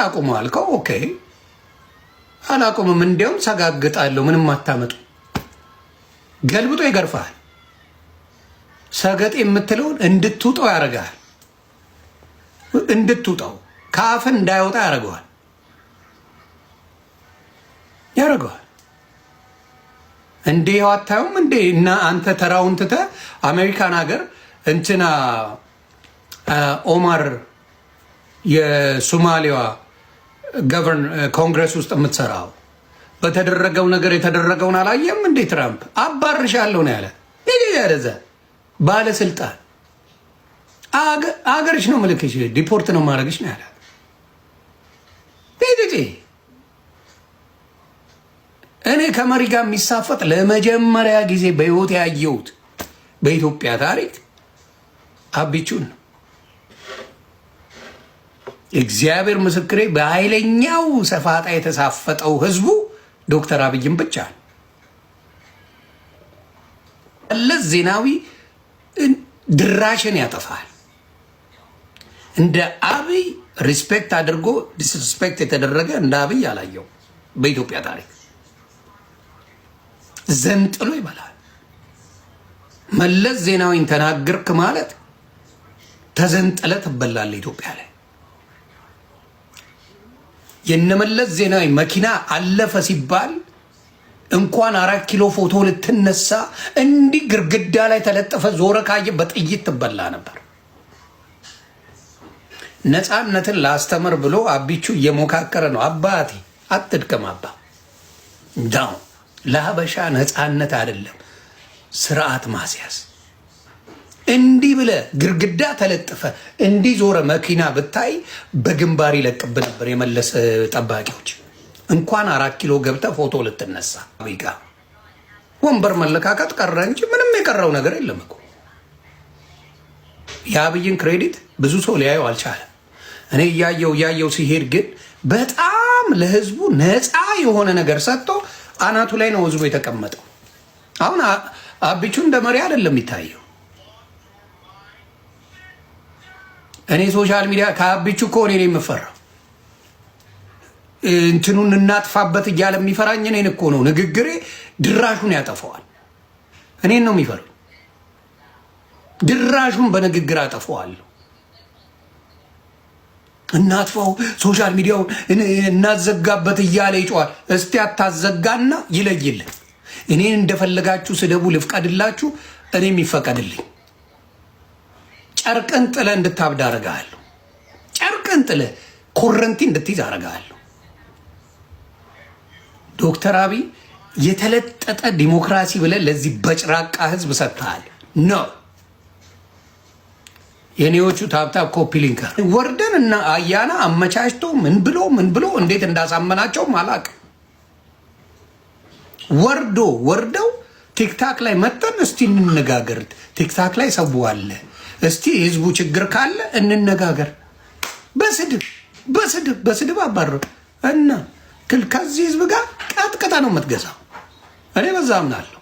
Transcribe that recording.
አላቁም አልከው። ኦኬ አላቁምም፣ እንዲያውም ሰጋግጣለሁ፣ ምንም አታመጡ። ገልብጦ ይገርፋል። ሰገጥ የምትለውን እንድትውጠው ያደርጋል። እንድትውጠው ከአፍን እንዳይወጣ ያደርገዋል ያደርገዋል። እንዴ ይኸው አታዩም እንዴ? እና አንተ ተራውን ትተህ አሜሪካን ሀገር እንትና ኦማር የሶማሌዋ ገቨርን ኮንግረስ uh, ውስጥ የምትሰራው በተደረገው ነገር የተደረገውን አላየም እንዴ? ትራምፕ አባርሻለሁ ነው ያለ። ይሄ ያለዘ ባለስልጣን አገርሽ ነው ምልክሽ፣ ዲፖርት ነው ማድረግሽ ነው ያለ። እኔ ከመሪ ጋር የሚሳፈጥ ለመጀመሪያ ጊዜ በህይወት ያየሁት በኢትዮጵያ ታሪክ አቢቹን ነው። እግዚአብሔር ምስክሬ በኃይለኛው ሰፋጣ የተሳፈጠው ህዝቡ ዶክተር አብይም ብቻ መለስ ዜናዊ ድራሽን ያጠፋል። እንደ አብይ ሪስፔክት አድርጎ ዲስሪስፔክት የተደረገ እንደ አብይ አላየው በኢትዮጵያ ታሪክ። ዘንጥሎ ይበላል። መለስ ዜናዊን ተናገርክ ማለት ተዘንጥለ ትበላለ ኢትዮጵያ ላይ የነመለስ ዜናዊ መኪና አለፈ ሲባል እንኳን አራት ኪሎ ፎቶ ልትነሳ እንዲህ ግርግዳ ላይ ተለጠፈ ዞረ ካየ በጥይት ትበላ ነበር። ነፃነትን ላስተምር ብሎ አቢቹ እየሞካከረ ነው። አባቴ አትድቅም። አባ ዳው ለሀበሻ ነፃነት አይደለም ስርዓት ማስያዝ እንዲህ ብለ ግርግዳ ተለጥፈ እንዲህ ዞረ መኪና ብታይ በግንባር ይለቅብ ነበር። የመለስ ጠባቂዎች እንኳን አራት ኪሎ ገብተ ፎቶ ልትነሳ ጋ ወንበር መለካከት ቀረ እንጂ ምንም የቀረው ነገር የለም እኮ። የአብይን ክሬዲት ብዙ ሰው ሊያየው አልቻለም። እኔ እያየው እያየው ሲሄድ ግን በጣም ለህዝቡ ነፃ የሆነ ነገር ሰጥቶ አናቱ ላይ ነው ህዝቡ የተቀመጠው። አሁን አብቹ እንደ መሪ አይደለም የሚታየው እኔ ሶሻል ሚዲያ ከአብቹ እኮ እኔ የምፈራው እንትኑን እናጥፋበት እያለ የሚፈራኝ እኔን እኮ ነው። ንግግሬ ድራሹን ያጠፈዋል። እኔን ነው የሚፈራኝ። ድራሹን በንግግር አጠፈዋለሁ። እናጥፋው፣ ሶሻል ሚዲያውን እናዘጋበት እያለ ይጮዋል። እስቲ አታዘጋና ይለይልን። እኔን እንደፈለጋችሁ ስደቡ፣ ልፍቀድላችሁ፣ እኔም ይፈቀድልኝ። ጨርቅን ጥለ እንድታብድ አደርግሃለሁ። ጨርቅን ጥለ ኮረንቲ እንድትይዝ አደርግሃለሁ። ዶክተር አብይ የተለጠጠ ዲሞክራሲ ብለን ለዚህ በጭራቃ ህዝብ ሰጥተሃል ነው። የኔዎቹ ታብታብ ኮፒ ወርደን እና አያና አመቻችቶ ምን ብሎ ምን ብሎ እንዴት እንዳሳመናቸውም አላውቅም። ወርዶ ወርደው ቲክታክ ላይ መጠን እስቲ እንነጋገር። ቲክታክ ላይ ሰው አለ። እስቲ የህዝቡ ችግር ካለ እንነጋገር። በስድብ በስድብ በስድብ አባረሩ እና ከዚህ ህዝብ ጋር ቀጥቅጠ ነው የምትገዛው። እኔ በዛ አምናለሁ።